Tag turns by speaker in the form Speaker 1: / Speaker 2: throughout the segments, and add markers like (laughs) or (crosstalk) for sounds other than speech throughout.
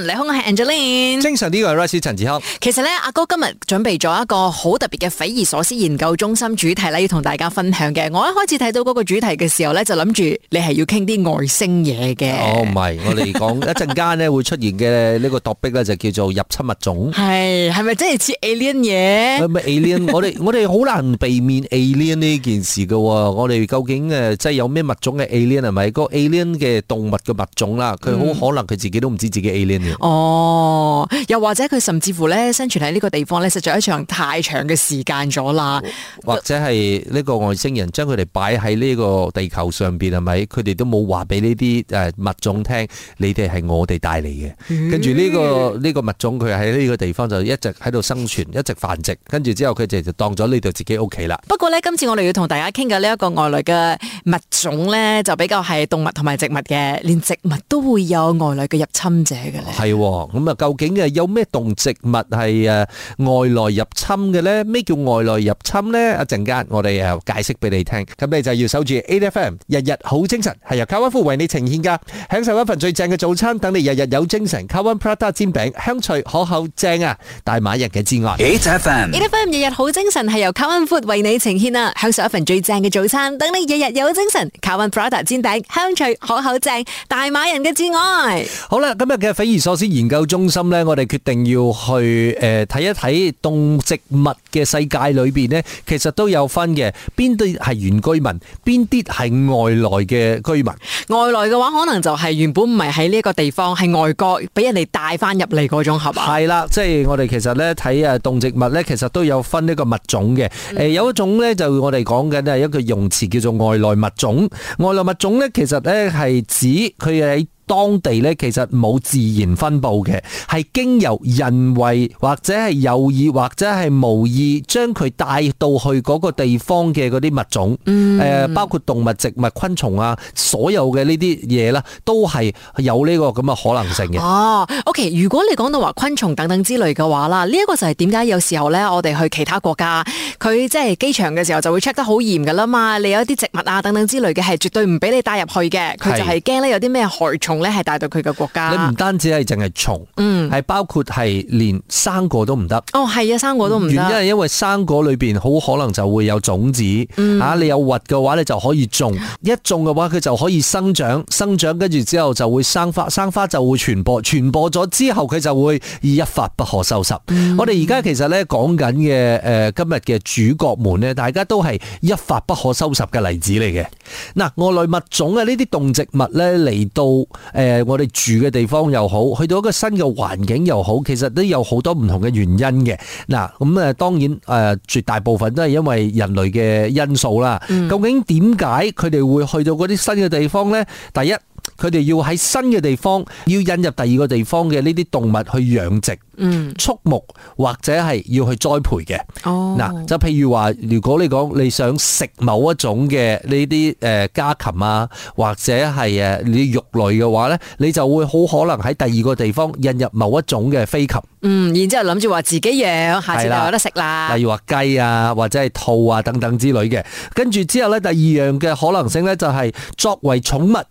Speaker 1: 你好，我係 Angelina。精神呢個係 Rice 陳志康。其實咧，阿哥今日準備咗一個好特別嘅匪夷所思研究中心主題啦，要同大家分享嘅。我一開始睇到嗰個主題嘅時候咧，就諗住你係要傾啲外星嘢嘅。哦，唔
Speaker 2: 係，我哋講一陣間咧會出現嘅呢個躲避咧，就叫做入侵物種。
Speaker 1: 係係咪真係似 alien 嘢？唔
Speaker 2: 係 alien，我哋我哋好難避免 alien 呢件事㗎喎。我哋究竟誒，即係有咩物種嘅 alien 係咪？個 alien 嘅動物嘅物種啦，佢好可能佢自己都唔知自己 alien。
Speaker 1: 哦，又或者佢甚至乎咧生存喺呢個地方咧，實在一場太長嘅時間咗啦。或者係呢個外星人
Speaker 2: 將佢哋擺喺呢個地球上邊係咪？佢哋都冇話俾呢啲誒物種聽，你哋係我哋帶嚟嘅。
Speaker 1: 跟住呢個呢、
Speaker 2: 這個物種，佢喺呢個地方就一直喺度生存，一直繁殖。跟住之後佢哋就當咗呢度自己屋企啦。
Speaker 1: 不過咧，今次我哋要同大家傾嘅呢一個外來嘅物種咧，就比較係動物同埋植物嘅，連植物都會有外來嘅入侵者嘅咧。哦
Speaker 2: 係喎，咁啊，究竟啊有咩動植物係誒外來入侵嘅呢？咩叫外來入侵呢？一陣間我哋誒解釋俾你聽。咁你就要守住 8FM，日日好精神，係由卡温夫為你呈獻噶，享受一份最正嘅早餐，等你日日有精神。卡温 Prata 煎餅香脆可口正啊！大馬人嘅至愛。8FM，8FM
Speaker 1: 日日好精神係由卡温夫為你呈獻啊！享受一份最正嘅早餐，等你日日有精神。卡温 Prata 煎餅香脆可口正，大馬人嘅至愛。
Speaker 2: 好啦，今日嘅匪夷。匪夷所思研究中心咧，我哋決定要去誒睇一睇動植物嘅世界裏邊咧，其實都有分嘅。邊啲係原居民，邊啲係外來嘅居民？
Speaker 1: 外來嘅話，可能就係原本唔係喺呢一個地方，係外國俾人哋帶翻入嚟嗰種合。係啦，即係我哋其實咧
Speaker 2: 睇啊，動植物咧，其實都有分呢個物種嘅。誒有一種咧，就我哋講緊咧一個用詞叫做外來物種。外來物種咧，其實咧係指佢喺當地咧其實冇自然分布嘅，係經由人為或者係有意或者係無意將佢帶到去嗰個地方嘅嗰啲物種，誒、嗯呃、包括動物、植物、昆蟲啊，所有嘅呢啲嘢啦，都係有呢個咁嘅可能性
Speaker 1: 嘅。哦、啊、OK，如果你講到話昆蟲等等之類嘅話啦，呢、這、一個就係點解有時候咧，我哋去其他國家，佢即係機場嘅時候就會 check 得好嚴㗎啦嘛。你有一啲植物啊等等之類嘅係絕對唔俾你帶入去嘅，佢就係驚咧有啲咩害蟲。咧係
Speaker 2: 帶到佢嘅國家，你唔單止係淨係蟲，嗯，係包括係連生果都唔得。
Speaker 1: 哦，係啊，生果都唔得。原因係因
Speaker 2: 為生果裏邊好可能就會有種子，嗯，啊，你有核嘅話咧就可以種，一種嘅話佢就可以生長，生長跟住之後就會生花，生花就會傳播，傳播咗之後佢就會一發不可收拾。我哋而家其實咧講緊嘅誒今日嘅主角們咧，大家都係一發不可收拾嘅例子嚟嘅。嗱，外來物種嘅呢啲動植物咧嚟到。誒、呃，我哋住嘅地方又好，去到一個新嘅環境又好，其實都有好多唔同嘅原因嘅。嗱，咁、呃、誒當然誒、呃，絕大部分都係因為人類嘅因素啦。嗯、究竟點解佢哋會去到嗰啲新嘅地方呢？第一。佢哋要喺新嘅地方，要引入第二個地方嘅呢啲動物去養殖、嗯、畜牧或者係要去栽培嘅。嗱、哦，就譬如話，如果你講你想食某一種嘅呢啲誒家禽啊，或者係誒你啲肉類嘅話咧，你就會好可能喺第二個地方引入某一種嘅飛禽。嗯，
Speaker 1: 然之後諗住話自己養，下次就有得食啦、嗯。
Speaker 2: 例如話雞啊，或者係兔啊等等之類嘅。跟住之後咧，第二樣嘅可能性咧就係作為寵物。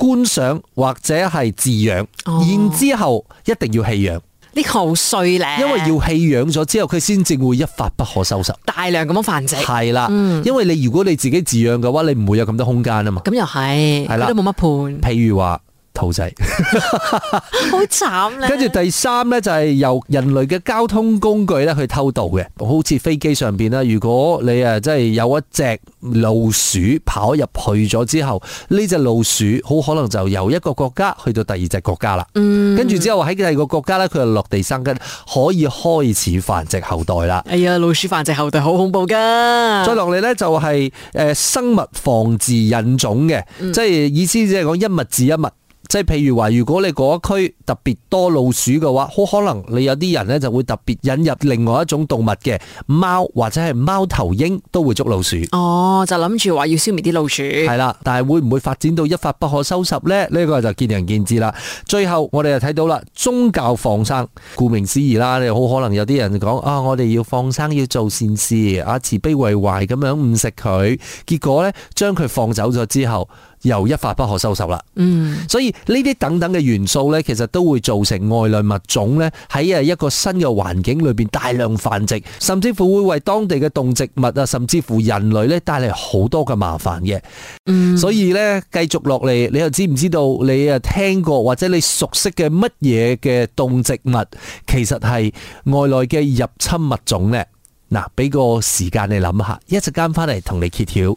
Speaker 2: 觀賞或者係飼養，哦、然之後一定要棄養，
Speaker 1: 呢個好衰咧。因為要
Speaker 2: 棄養咗之後，佢先至會一發不可收拾，大
Speaker 1: 量咁樣繁殖。係啦的，嗯、因
Speaker 2: 為你如果你自己飼養嘅話，你唔會有咁多空間啊嘛。咁、嗯、又係，係啦的，都冇乜判。譬如話。兔仔好慘， (laughs) 跟住第三咧就係由人類嘅交通工具咧去偷渡嘅，好似飛機上邊咧，如果你啊即係有一隻老鼠跑入去咗之後，呢隻老鼠好可能就由一個國家去到第二隻國家啦。嗯，跟住之後喺第二個國家咧，佢就落地生根，可以開始繁殖後代啦。
Speaker 1: 哎呀，老鼠繁殖後代好恐怖噶！再
Speaker 2: 落嚟咧就係誒生物防治引種嘅，即係意思即係講一物治一物。即係譬如話，如果你嗰一區特別多老鼠嘅話，好可能你有啲人呢就會特別引入另外一種動物嘅貓或者係貓頭鷹都會捉老鼠。
Speaker 1: 哦，就諗住
Speaker 2: 話要消滅啲老鼠。係啦，但係會唔會發展到一發不可收拾呢？呢個就見仁見智啦。最後我哋又睇到啦，宗教放生，顧名思義啦，你好可能有啲人講啊、哦，我哋要放生，要做善事，啊慈悲為懷咁樣唔食佢，結果呢，將佢放走咗之後。又一發不可收拾啦。嗯，所以呢啲等等嘅元素呢，其實都會造成外來物種呢，喺啊一個新嘅環境裏邊大量繁殖，甚至乎會為當地嘅動植物啊，甚至乎人類呢，帶嚟好多嘅麻煩嘅。嗯，所以呢，繼續落嚟，你又知唔知道你啊聽過或者你熟悉嘅乜嘢嘅動植物，其實係外來嘅入侵物種呢？嗱，俾個時間你諗下，一陣間翻嚟同你揭曉。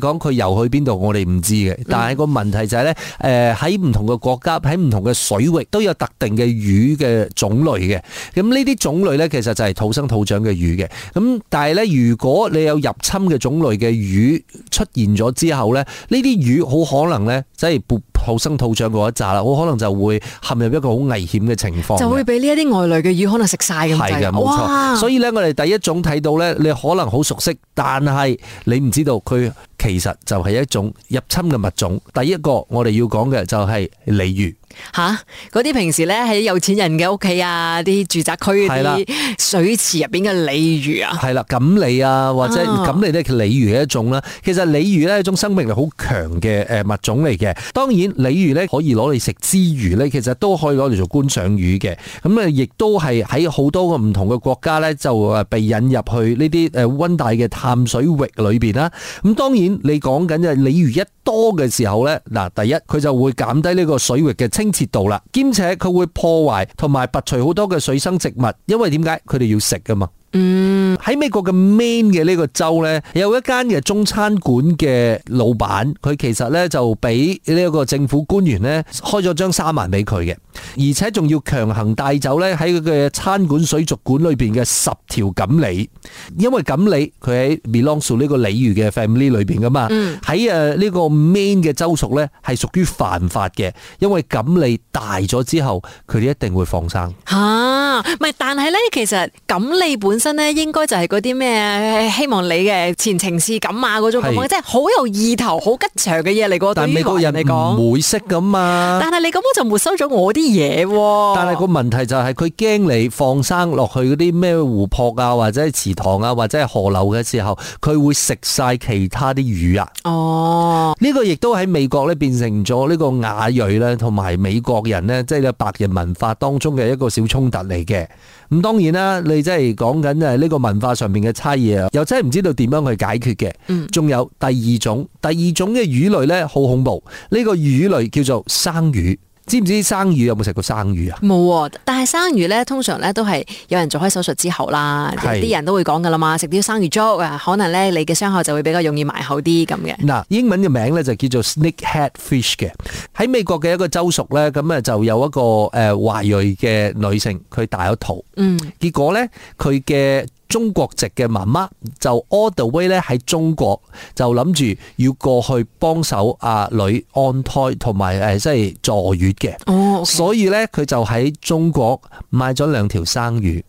Speaker 2: 講佢游去邊度，我哋唔知嘅。但係個問題就係咧，誒喺唔同嘅國家，喺唔同嘅水域都有特定嘅魚嘅種類嘅。咁呢啲種類咧，其實就係土生土長嘅魚嘅。咁但係咧，如果你有入侵嘅種類嘅魚出現咗之後咧，呢啲魚好可能咧，即係不土生土長嗰一紮啦，好可能就會陷入一個好危險嘅情況，就
Speaker 1: 會俾呢一啲外來嘅魚可能食晒咁。係嘅，冇錯。所
Speaker 2: 以咧，我哋第一種睇到咧，你可能好熟悉，但係你唔知道佢。其實就係一種入侵嘅物種，第一個我哋要講嘅就係鯉魚。吓，
Speaker 1: 嗰啲、啊、平時咧喺有錢人嘅屋企啊，啲住宅區嗰啲水池
Speaker 2: 入邊嘅鯉魚啊，係啦錦鯉啊，或者錦鯉咧，佢係鯉魚嘅一種啦。啊、其實鯉魚咧一種生命力好強嘅誒物種嚟嘅。當然鯉魚咧可以攞嚟食之餘咧，其實都可以攞嚟做觀賞魚嘅。咁啊，亦都係喺好多個唔同嘅國家咧，就誒被引入去呢啲誒温帶嘅淡水域裏邊啦。咁當然你講緊嘅鯉魚一多嘅時候咧，嗱第一佢就會減低呢個水域嘅清澈度啦，兼且佢會破壞同埋拔除好多嘅水生植物，因為點解，佢哋要食噶嘛？嗯，喺美國嘅 Maine 嘅呢個州呢，有一間嘅中餐館嘅老闆，佢其實呢，就俾呢一個政府官員呢，開咗張三萬俾佢嘅，而且仲要強行帶走呢。喺佢嘅餐館水族館裏邊嘅十條錦鯉，因為錦鯉佢喺 belong 呢個鯉魚嘅 family 裏邊噶嘛，喺誒呢個 Maine 嘅州屬呢，係屬於犯法嘅，因為錦鯉大咗之後，佢哋一定會放生。
Speaker 1: 嚇、啊，咪但係呢，其實錦鯉本身咧，應該就係嗰啲咩希望你嘅前程似錦啊嗰種，是即係好有意頭、好吉祥嘅嘢嚟。個但係美國人嚟講，唔會
Speaker 2: 識㗎嘛！但係
Speaker 1: 你咁樣我就沒收
Speaker 2: 咗我啲嘢喎。但係個問題就係佢驚你放生落去嗰啲咩湖泊啊，或者係池塘啊，或者係河流嘅時候，佢會食晒其他啲魚啊。哦，呢個亦都喺美國咧變成咗呢個亞裔咧，同埋美國人呢，即係白人文化當中嘅一個小衝突嚟嘅。咁當然啦，你真係講緊係呢個文化上面嘅差異啊，又真係唔知道點樣去解決嘅。嗯，仲有第二種，第二種嘅魚類咧，好恐怖。呢個魚類叫做生魚。知唔知生魚，有冇食過生魚啊？
Speaker 1: 冇，但係生魚咧，通常咧都係有人做開手術之後啦，啲是人都會講噶啦嘛，食啲生魚粥啊，可能咧你嘅傷口就會比較容易埋口啲咁嘅。
Speaker 2: 嗱，英文嘅名咧就叫做 snakehead fish 嘅，喺美國嘅一個州屬咧，咁啊就有一個誒華裔嘅女性，佢大咗肚，嗯，結果咧佢嘅。中國籍嘅媽媽就 all the way 咧喺中國就諗住要過去幫手阿女安胎同埋誒即係助月嘅，oh, okay. 所以咧佢就喺中國買咗兩條生魚。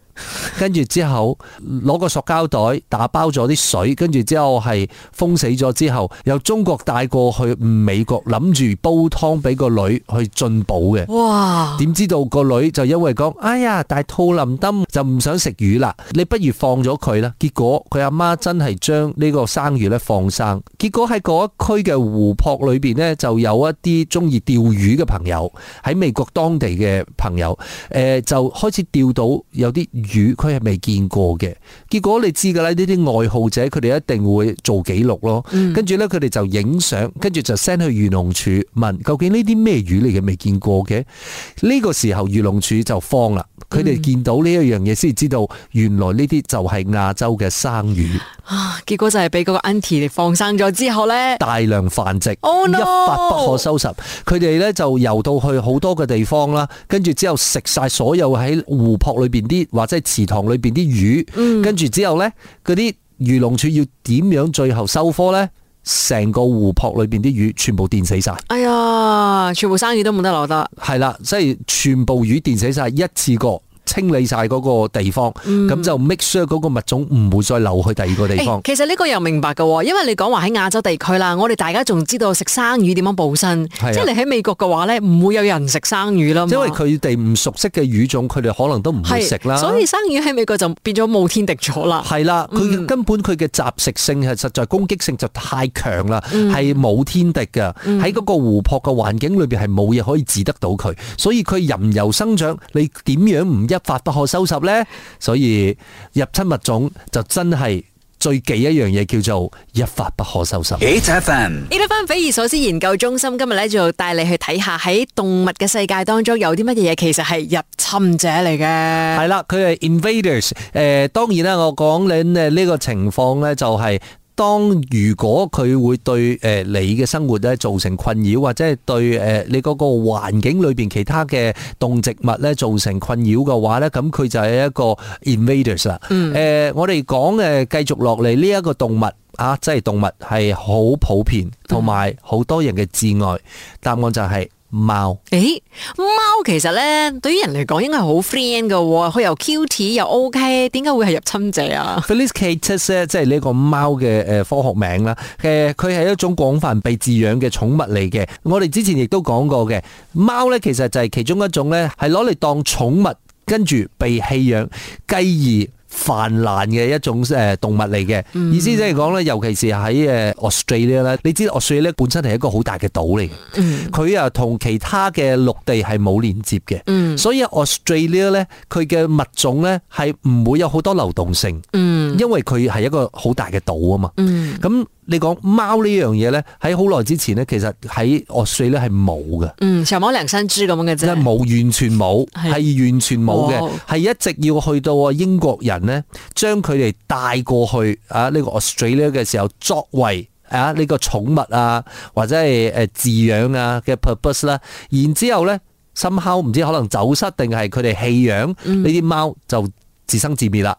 Speaker 2: 跟住之後攞個塑膠袋打包咗啲水，跟住之後係封死咗之後，由中國帶過去美國，諗住煲湯俾個女去進補嘅。
Speaker 1: 哇！
Speaker 2: 點知道個女就因為講，哎呀，大兔林登就唔想食魚啦，你不如放咗佢啦。結果佢阿媽真係將呢個生魚呢放生。結果喺嗰一區嘅湖泊裏邊呢，就有一啲中意釣魚嘅朋友，喺美國當地嘅朋友，誒、呃，就開始釣到有啲。魚佢係未見過嘅，結果你知噶啦，呢啲愛好者佢哋一定會做記錄咯，跟住咧佢哋就影相，跟住就 send 去漁農署問究竟呢啲咩魚你嘅未見過嘅，呢、這個時候漁農署就慌啦。佢哋見到呢一樣嘢，先知道原來呢啲就係亞洲嘅生魚。
Speaker 1: 啊！結果就係俾嗰個 uncle 放生咗之後呢，
Speaker 2: 大量繁殖，嗯、一發不可收拾。佢哋呢就游到去好多嘅地方啦，跟住之後食晒所有喺湖泊裏邊啲，或者係池塘裏邊啲魚。跟住之後呢，嗰啲漁農處要點樣最後收科呢？成個湖泊裏邊啲魚全部電死晒。
Speaker 1: 哎啊！全部生意都冇得攞得，係
Speaker 2: 啦，即係全部魚電死晒一次過。清理晒嗰個地方，咁、嗯、就 make sure 嗰個物種唔會再流去第二個地方。欸、其
Speaker 1: 實呢個又明白嘅，因為你講話喺亞洲地區啦，我哋大家仲知道食生魚點樣補身。即係、啊、你喺美國嘅話咧，唔會有人食生魚啦。因為佢
Speaker 2: 哋唔熟悉嘅魚種，佢哋可能都唔會食啦。所以
Speaker 1: 生魚喺美國就變咗冇天敵咗啦。係啦、啊，佢
Speaker 2: 根本佢嘅雜食性係實在攻擊性就太強啦，係冇、嗯、天敵嘅。喺嗰、嗯、個湖泊嘅環境裏邊係冇嘢可以治得到佢，所以佢任由生長，你點樣唔一法不可收拾呢，所以入侵物種就真係最忌一樣嘢，叫做一發不可收拾。H F M 呢
Speaker 1: 度，匪夷所思研究中心，今日咧就帶你去睇下喺動物嘅世界當中有啲乜嘢嘢，其實係入侵者嚟嘅。
Speaker 2: 係啦，佢係 invaders、呃。誒，當然啦，我講緊誒呢個情況呢、就是，就係。當如果佢會對誒你嘅生活咧造成困擾，或者係對誒你嗰個環境裏邊其他嘅動植物咧造成困擾嘅話咧，咁佢就係一個 invaders 啦、嗯。誒、呃，我哋講誒，繼續落嚟，呢一個動物啊，即係動物係好普
Speaker 1: 遍，同埋好多人嘅摯愛。答案就係、是。貓，誒、欸，貓其實咧對於人嚟講應該係好 friend 㗎，佢、哦、又 cute 又 ok，點解會係入侵者啊
Speaker 2: ？Felis catus 咧即係呢個貓嘅誒科學名啦，誒佢係一種廣泛被飼養嘅寵物嚟嘅。我哋之前亦都講過嘅，貓咧其實就係其中一種咧，係攞嚟當寵物，跟住被棄養，繼而。泛濫嘅一種誒動物嚟嘅，意思即係講咧，尤其是喺誒 Australia 咧，你知道 Australia 咧本身係一個好大嘅島嚟嘅，嗯、佢啊同其他嘅陸地係冇連接嘅，嗯、所以 Australia 咧佢嘅物種咧係唔會有好多流動性，嗯、因為佢係一個好大嘅島啊嘛，嗯、咁。你講貓呢樣嘢咧，喺好耐之前咧，其實喺 Australia 咧係冇嘅。嗯，
Speaker 1: 似我涼山豬咁樣嘅啫。
Speaker 2: 冇完全冇，係是完全冇嘅，係哇一直要去到啊英國人咧，將佢哋帶過去啊呢、這個 Australia 嘅時候，作為啊呢、這個寵物啊或者係誒飼養啊嘅 purpose 啦、啊。然之後咧，somehow 唔知可能走失定係佢哋棄養呢啲貓就。自生自滅啦，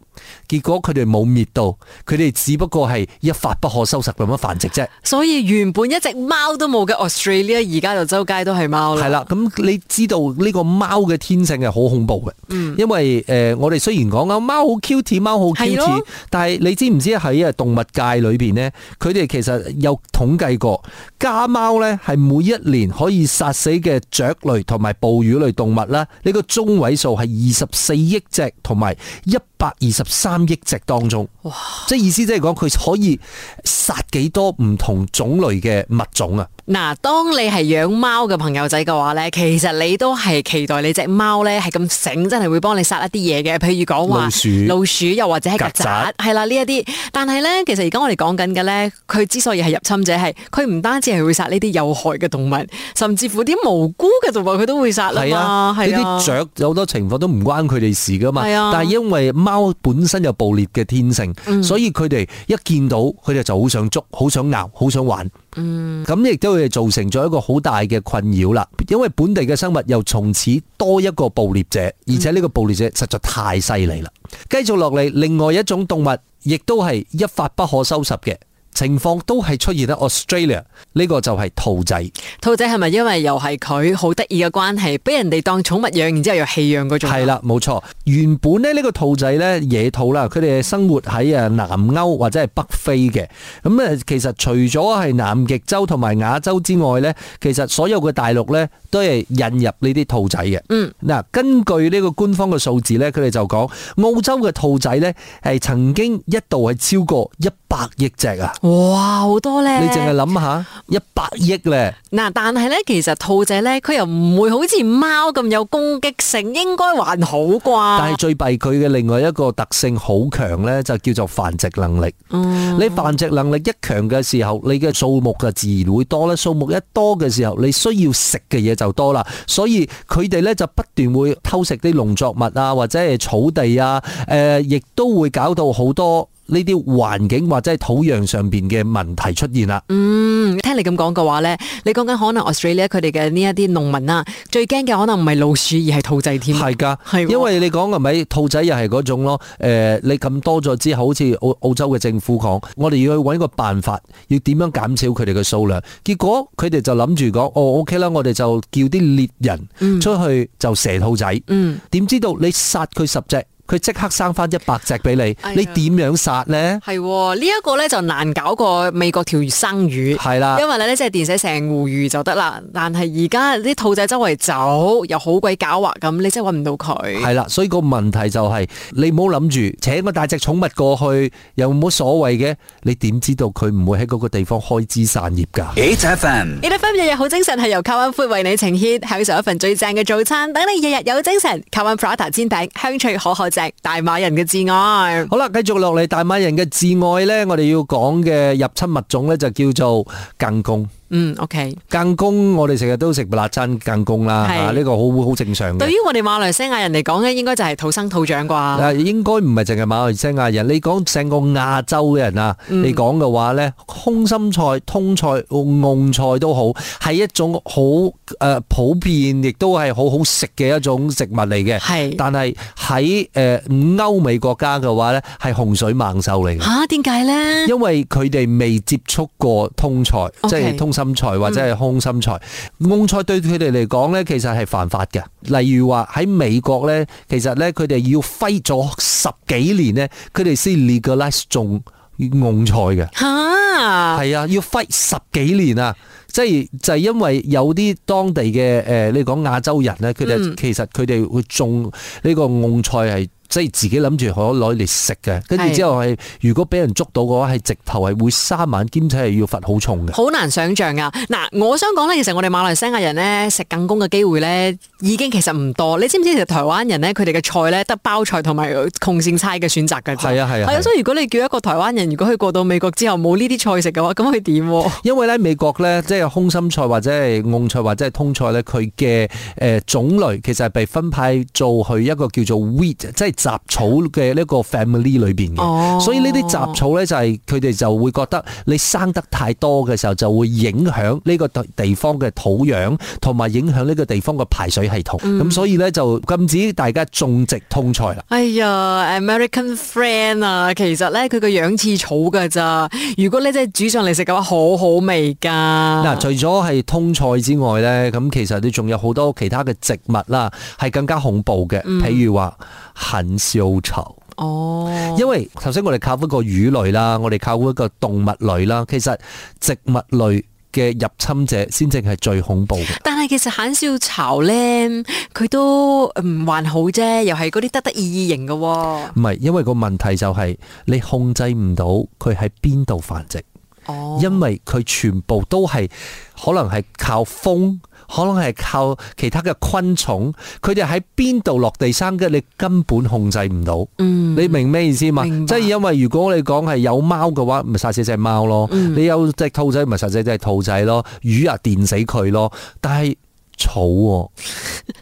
Speaker 2: 結果佢哋冇滅到，佢哋只不過係一發不可收拾咁樣繁殖啫。
Speaker 1: 所以原本一隻貓都冇嘅 Australia，而家就周街都係貓啦。係啦，咁你知道呢
Speaker 2: 個貓嘅天性係好恐怖嘅，嗯，因為誒、呃、我哋雖然講啊貓好 cute，貓好 cute，的但係你知唔知喺啊動物界裏邊呢？佢哋其實有統計過家貓咧，係每一年可以殺死嘅雀類同埋哺乳類動物啦。呢、這個中位數係二十四億隻，同埋。一百二十三億隻當中，即係意思即係講佢可以殺幾多唔同種類嘅物種啊！
Speaker 1: 嗱，當你係養貓嘅朋友仔嘅話咧，其實你都係期待你隻貓咧係咁醒，真係會幫你殺一啲嘢嘅，譬如講話老鼠，老褪鼠又或者係曱甴，係啦呢一啲。但係咧，其實而家我哋講緊嘅咧，佢之所以係入侵者，係佢唔單止係會殺呢啲有害嘅動物，甚至乎啲無辜嘅動物佢都會殺。你。啊，呢啲雀
Speaker 2: 有好多情況都唔關佢哋事噶嘛。係啊，啊但係因為貓本身有捕獵嘅天性，嗯、所以佢哋一見到佢哋就好想捉，好想咬，好想玩。嗯，咁亦都係造成咗一個好大嘅困擾啦。因為本地嘅生物又從此多一個捕獵者，而且呢個捕獵者實在太犀利啦。繼續落嚟，另外一種動物亦都係一發不可收拾嘅。情況都係出現喺 Australia，呢個就係兔仔。
Speaker 1: 兔仔係咪因為又係佢好得意嘅關係，俾人哋當寵物養，然之後又棄養佢？係啦，冇錯。
Speaker 2: 原本咧呢個兔仔呢，野兔啦，佢哋生活喺啊南歐或者係北非嘅。咁啊，其實除咗係南極洲同埋亞洲之外呢，其實所有嘅大陸呢，都係引入呢啲兔仔嘅。嗯，嗱，根據呢個官方嘅數字呢，佢哋就講澳洲嘅兔仔呢，係曾經一度係超過一百億隻啊！
Speaker 1: 哇，好多咧！你淨係
Speaker 2: 諗下，
Speaker 1: 一百億咧。嗱，但係咧，其實兔仔咧，佢又唔會好似貓咁有攻擊性，應該還好啩。但
Speaker 2: 係最弊，佢嘅另外一個特性好強咧，就叫做繁殖能力。嗯，你繁殖能力一強嘅時候，你嘅數目就自然會多咧。數目一多嘅時候，你需要食嘅嘢就多啦。所以佢哋咧就不斷會偷食啲農作物啊，或者係草地啊，誒，亦都會搞到好多。呢啲環境或者係土壤上邊嘅問題出現啦。
Speaker 1: 嗯，聽你咁講嘅話咧，你講緊可能 Australia 佢哋嘅呢一啲農民啊，最驚嘅可能唔係老鼠而係兔仔添。係噶，係，因為你講係咪兔仔又係嗰種咯？誒、呃，你咁
Speaker 2: 多咗之後，好似澳澳洲嘅政府講，我哋要去搵個辦法，要點樣減少佢哋嘅數量？結果佢哋就諗住講，哦，OK 啦，我哋就叫啲獵人出去就射兔仔。嗯。嗯，點知道你殺佢十隻？佢即刻生翻一百隻俾你，哎、呀你
Speaker 1: 點樣殺呢？係呢一個咧就難搞過美國條魚生魚係啦，了因為咧即係電死成護魚就得啦。但係而家啲兔仔周圍走，又好鬼狡猾咁，你真係搵唔到佢。
Speaker 2: 係啦，所以個問題就係、是、你唔好諗住請個大隻寵物過去，又冇所謂嘅。你點知道佢唔會喺嗰個地方開枝散葉噶？Eight FM，Eight
Speaker 1: FM 日日好精神係由 Kawan Food 為你呈現，享受一份最正嘅早餐，等你日日有精神。Kawan Prata 煎餅，香脆可口。大馬人嘅至愛，好啦，
Speaker 2: 繼續落嚟。大馬人嘅至愛呢，我哋要講嘅入侵物種呢，就叫做近工。嗯，OK，羹工我哋成日都食臘汁羹工啦，呢個好好正常嘅。對於
Speaker 1: 我哋馬來西亞人嚟講咧，應該就係土生土長啩。啊，應該唔係
Speaker 2: 淨係馬來西亞人，你講成個亞洲嘅人啊，你講嘅話咧，空心菜、通菜、蕹菜都好，係一種好誒普遍，亦都係好好食嘅一種食物嚟嘅。係，但係喺誒歐美國家嘅話咧，係洪水猛獸嚟嘅。吓，
Speaker 1: 點解咧？
Speaker 2: 因為佢哋未接觸過通菜，即係通心。暗菜或者係空心菜，蕹菜、嗯嗯、對佢哋嚟講咧，其實係犯法嘅。例如話喺美國咧，其實咧佢哋要 fight 咗十幾年咧，佢哋先 legalize 種蕹菜嘅。吓、嗯，係啊，啊，要 fight 十幾年啊，即係就係、是、因為有啲當地嘅誒、呃，你講亞洲人咧，佢哋、嗯、其實佢哋會種呢個蕹菜係。嗯所以自己諗住可攞嚟食嘅，跟住之後係如果俾人捉到嘅話，係直頭係會三晚，兼且係要罰好重嘅。
Speaker 1: 好難想象㗎。嗱，我想講咧，其實我哋馬來西亞人咧食緊工嘅機會咧，已經其實唔多。你知唔知其實台灣人咧佢哋嘅菜咧得包菜同埋空心菜嘅選擇嘅？係啊，係啊。係啊，所以如果你叫一個台灣人，如果佢過到美國之後冇呢啲菜食嘅話，咁佢點？因為咧美
Speaker 2: 國咧即係空心菜或者係蕹菜或者係通菜咧，佢嘅誒種類,類其實係被分派做去一個叫做 weed，即係。雜草嘅呢個 family 裏邊嘅，哦、所以呢啲雜草呢，就係佢哋就會覺得你生得太多嘅時候，就會影響呢個地方嘅土壤同埋影響呢個地方嘅排水系統。咁、嗯、所以呢，就禁止大家種植通菜啦。
Speaker 1: 哎呀，American friend 啊，其實呢，佢個樣似草噶咋？如果你真係煮上嚟食嘅話，好好味噶。嗱，除
Speaker 2: 咗係通菜之外呢，咁其實你仲有好多其他嘅植物啦，係更加恐怖嘅，嗯、譬如話。蟹少巢哦，因為頭先我哋靠嗰個魚類啦，我哋靠嗰個動物類啦，其實植物類嘅入侵者先至係最恐怖嘅。
Speaker 1: 但係其實蟹少巢咧，佢都唔還好啫，又係嗰啲得得意型嘅。哦，唔
Speaker 2: 係，因為個問題就係、是、你控制唔到佢喺邊度繁殖。哦，因為佢全部都係可能係靠風。可能係靠其他嘅昆蟲，佢哋喺邊度落地生根，你根本控制唔到。嗯，你明咩意思嘛？明白。即係因為如果你講係有貓嘅話，咪殺死隻貓咯；嗯、你有隻兔仔，咪殺死隻兔仔咯。魚啊，電死佢咯。但係。草、啊，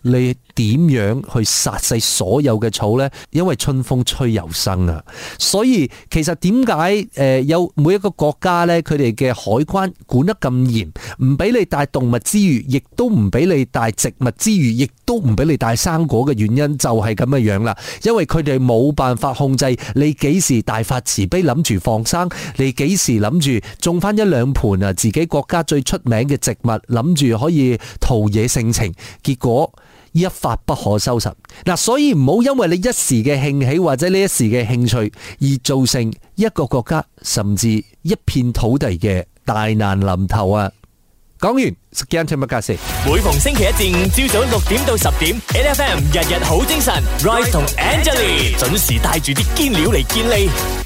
Speaker 2: 你點樣去殺死所有嘅草呢？因為春風吹又生啊！所以其實點解誒有每一個國家呢，佢哋嘅海關管得咁嚴，唔俾你帶動物之餘，亦都唔俾你帶植物之餘，亦。都唔俾你帶生果嘅原因就係咁嘅樣啦，因為佢哋冇辦法控制你幾時大發慈悲諗住放生，你幾時諗住種翻一兩盆啊自己國家最出名嘅植物，諗住可以陶冶性情，結果一發不可收拾嗱，所以唔好因為你一時嘅興起或者呢一時嘅興趣而造成一個國家甚至一片土地嘅大難臨頭啊！講完，s a 食姜做乜架事？每
Speaker 1: 逢星期一至五朝早六點到十點，N F M 日日好精神 Rice 同 Angelina 準時帶住啲堅料嚟健利。